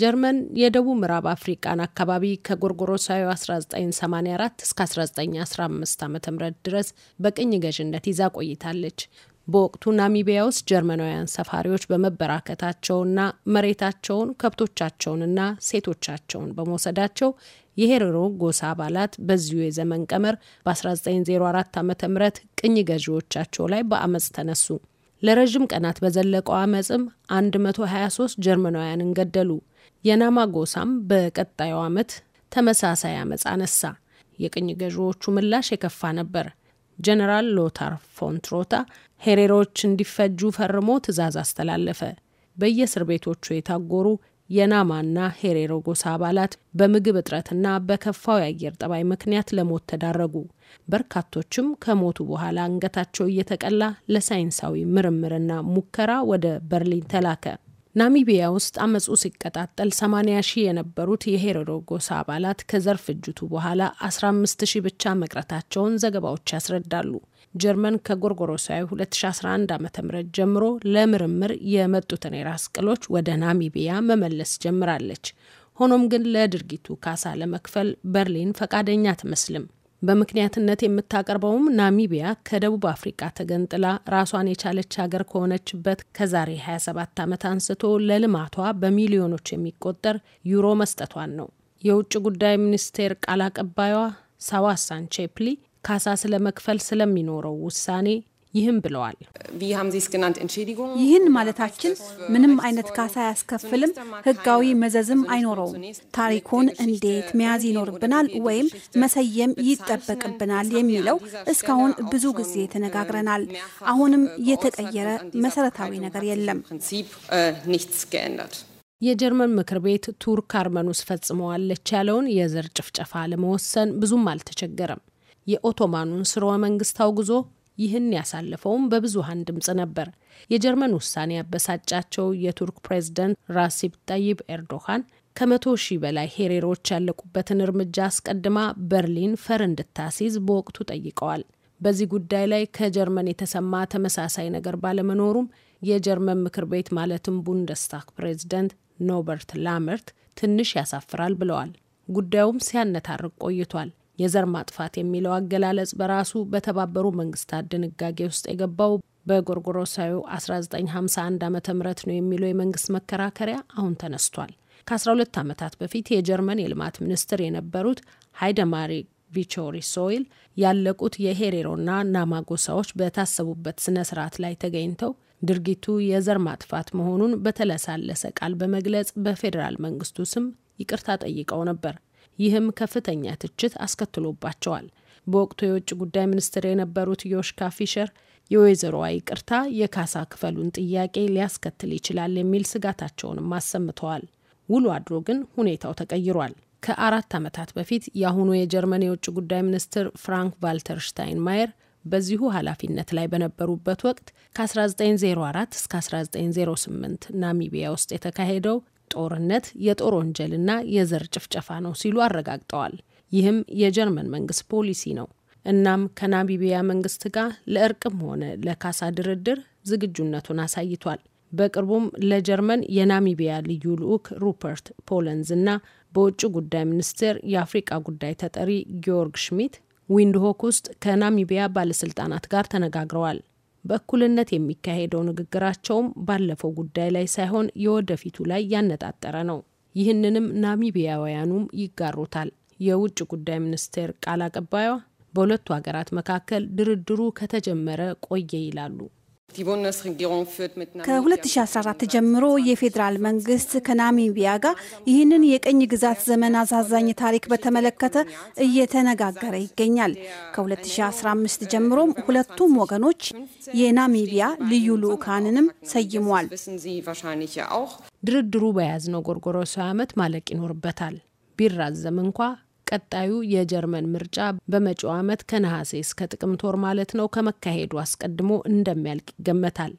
ጀርመን የደቡብ ምዕራብ አፍሪቃን አካባቢ ከጎርጎሮሳዊ 1984 እስከ 1915 ዓ ም ድረስ በቅኝ ገዥነት ይዛ ቆይታለች። በወቅቱ ናሚቢያ ውስጥ ጀርመናውያን ሰፋሪዎች በመበራከታቸውና መሬታቸውን ከብቶቻቸውንና ሴቶቻቸውን በመውሰዳቸው የሄሮሮ ጎሳ አባላት በዚሁ የዘመን ቀመር በ1904 ዓ ም ቅኝ ገዢዎቻቸው ላይ በአመፅ ተነሱ። ለረዥም ቀናት በዘለቀው አመፅም 123 ጀርመናውያንን ገደሉ። የናማ ጎሳም በቀጣዩ ዓመት ተመሳሳይ አመፅ አነሳ። የቅኝ ገዢዎቹ ምላሽ የከፋ ነበር። ጀነራል ሎታር ፎንትሮታ ሄሬሮች እንዲፈጁ ፈርሞ ትዕዛዝ አስተላለፈ። በየእስር ቤቶቹ የታጎሩ የናማና ሄሬሮ ጎሳ አባላት በምግብ እጥረትና በከፋው የአየር ጠባይ ምክንያት ለሞት ተዳረጉ። በርካቶችም ከሞቱ በኋላ አንገታቸው እየተቀላ ለሳይንሳዊ ምርምርና ሙከራ ወደ በርሊን ተላከ። ናሚቢያ ውስጥ አመፁ ሲቀጣጠል 80 ሺህ የነበሩት የሄሮዶ ጎሳ አባላት ከዘር ፍጅቱ በኋላ 15 ሺህ ብቻ መቅረታቸውን ዘገባዎች ያስረዳሉ። ጀርመን ከጎርጎሮሳዊ 2011 ዓ.ም ጀምሮ ለምርምር የመጡትን የራስ ቅሎች ወደ ናሚቢያ መመለስ ጀምራለች። ሆኖም ግን ለድርጊቱ ካሳ ለመክፈል በርሊን ፈቃደኛ አትመስልም። በምክንያትነት የምታቀርበውም ናሚቢያ ከደቡብ አፍሪቃ ተገንጥላ ራሷን የቻለች ሀገር ከሆነችበት ከዛሬ 27 ዓመት አንስቶ ለልማቷ በሚሊዮኖች የሚቆጠር ዩሮ መስጠቷን ነው። የውጭ ጉዳይ ሚኒስቴር ቃል አቀባይዋ ሳዋሳን ቼፕሊ ካሳ ስለመክፈል ስለሚኖረው ውሳኔ ይህም ብለዋል። ይህን ማለታችን ምንም አይነት ካሳ አያስከፍልም፣ ህጋዊ መዘዝም አይኖረውም። ታሪኩን እንዴት መያዝ ይኖርብናል ወይም መሰየም ይጠበቅብናል የሚለው እስካሁን ብዙ ጊዜ äh, ተነጋግረናል። አሁንም äh, የተቀየረ መሰረታዊ ነገር የለም። äh, የጀርመን ምክር ቤት ቱርክ አርመኖስ ፈጽመዋለች ያለውን የዘር ጭፍጨፋ ለመወሰን ብዙም አልተቸገረም። የኦቶማኑን ስርወ መንግስት አውግዞ ይህን ያሳለፈውም በብዙሃን ድምፅ ነበር። የጀርመን ውሳኔ ያበሳጫቸው የቱርክ ፕሬዝደንት ራሲብ ጠይብ ኤርዶሃን ከመቶ ሺህ በላይ ሄሬሮች ያለቁበትን እርምጃ አስቀድማ በርሊን ፈር እንድታስይዝ በወቅቱ ጠይቀዋል። በዚህ ጉዳይ ላይ ከጀርመን የተሰማ ተመሳሳይ ነገር ባለመኖሩም የጀርመን ምክር ቤት ማለትም ቡንደስታክ ፕሬዝደንት ኖበርት ላመርት ትንሽ ያሳፍራል ብለዋል። ጉዳዩም ሲያነታርቅ ቆይቷል። የዘር ማጥፋት የሚለው አገላለጽ በራሱ በተባበሩ መንግስታት ድንጋጌ ውስጥ የገባው በጎርጎሮሳዊ 1951 ዓ ም ነው የሚለው የመንግስት መከራከሪያ አሁን ተነስቷል። ከ12 ዓመታት በፊት የጀርመን የልማት ሚኒስትር የነበሩት ሃይደማሪ ቪቾሪ ሶይል ያለቁት የሄሬሮና ናማጎሳዎች በታሰቡበት ስነ ስርዓት ላይ ተገኝተው ድርጊቱ የዘር ማጥፋት መሆኑን በተለሳለሰ ቃል በመግለጽ በፌዴራል መንግስቱ ስም ይቅርታ ጠይቀው ነበር። ይህም ከፍተኛ ትችት አስከትሎባቸዋል። በወቅቱ የውጭ ጉዳይ ሚኒስትር የነበሩት ዮሽካ ፊሸር የወይዘሮዋ ይቅርታ የካሳ ክፈሉን ጥያቄ ሊያስከትል ይችላል የሚል ስጋታቸውንም አሰምተዋል። ውሎ አድሮ ግን ሁኔታው ተቀይሯል። ከአራት ዓመታት በፊት የአሁኑ የጀርመን የውጭ ጉዳይ ሚኒስትር ፍራንክ ቫልተር ማየር በዚሁ ኃላፊነት ላይ በነበሩበት ወቅት ከ1904 እስከ 1908 ናሚቢያ ውስጥ የተካሄደው ጦርነት፣ የጦር ወንጀልና የዘር ጭፍጨፋ ነው ሲሉ አረጋግጠዋል። ይህም የጀርመን መንግስት ፖሊሲ ነው። እናም ከናሚቢያ መንግስት ጋር ለእርቅም ሆነ ለካሳ ድርድር ዝግጁነቱን አሳይቷል። በቅርቡም ለጀርመን የናሚቢያ ልዩ ልዑክ ሩፐርት ፖለንዝ እና በውጭ ጉዳይ ሚኒስቴር የአፍሪቃ ጉዳይ ተጠሪ ጊዮርግ ሽሚት ዊንድሆክ ውስጥ ከናሚቢያ ባለስልጣናት ጋር ተነጋግረዋል። በእኩልነት የሚካሄደው ንግግራቸውም ባለፈው ጉዳይ ላይ ሳይሆን የወደፊቱ ላይ ያነጣጠረ ነው። ይህንንም ናሚቢያውያኑም ይጋሩታል። የውጭ ጉዳይ ሚኒስቴር ቃል አቀባዩ በሁለቱ ሀገራት መካከል ድርድሩ ከተጀመረ ቆየ ይላሉ። ከ2014 ጀምሮ የፌዴራል መንግስት ከናሚቢያ ጋር ይህንን የቅኝ ግዛት ዘመን አሳዛኝ ታሪክ በተመለከተ እየተነጋገረ ይገኛል። ከ2015 ጀምሮም ሁለቱም ወገኖች የናሚቢያ ልዩ ልዑካንንም ሰይሟል። ድርድሩ በያዝነው ጎርጎሮሳዊ ዓመት ማለቅ ይኖርበታል። ቢራዘም እንኳ ቀጣዩ የጀርመን ምርጫ በመጪው ዓመት ከነሐሴ እስከ ጥቅምት ወር ማለት ነው ከመካሄዱ አስቀድሞ እንደሚያልቅ ይገመታል።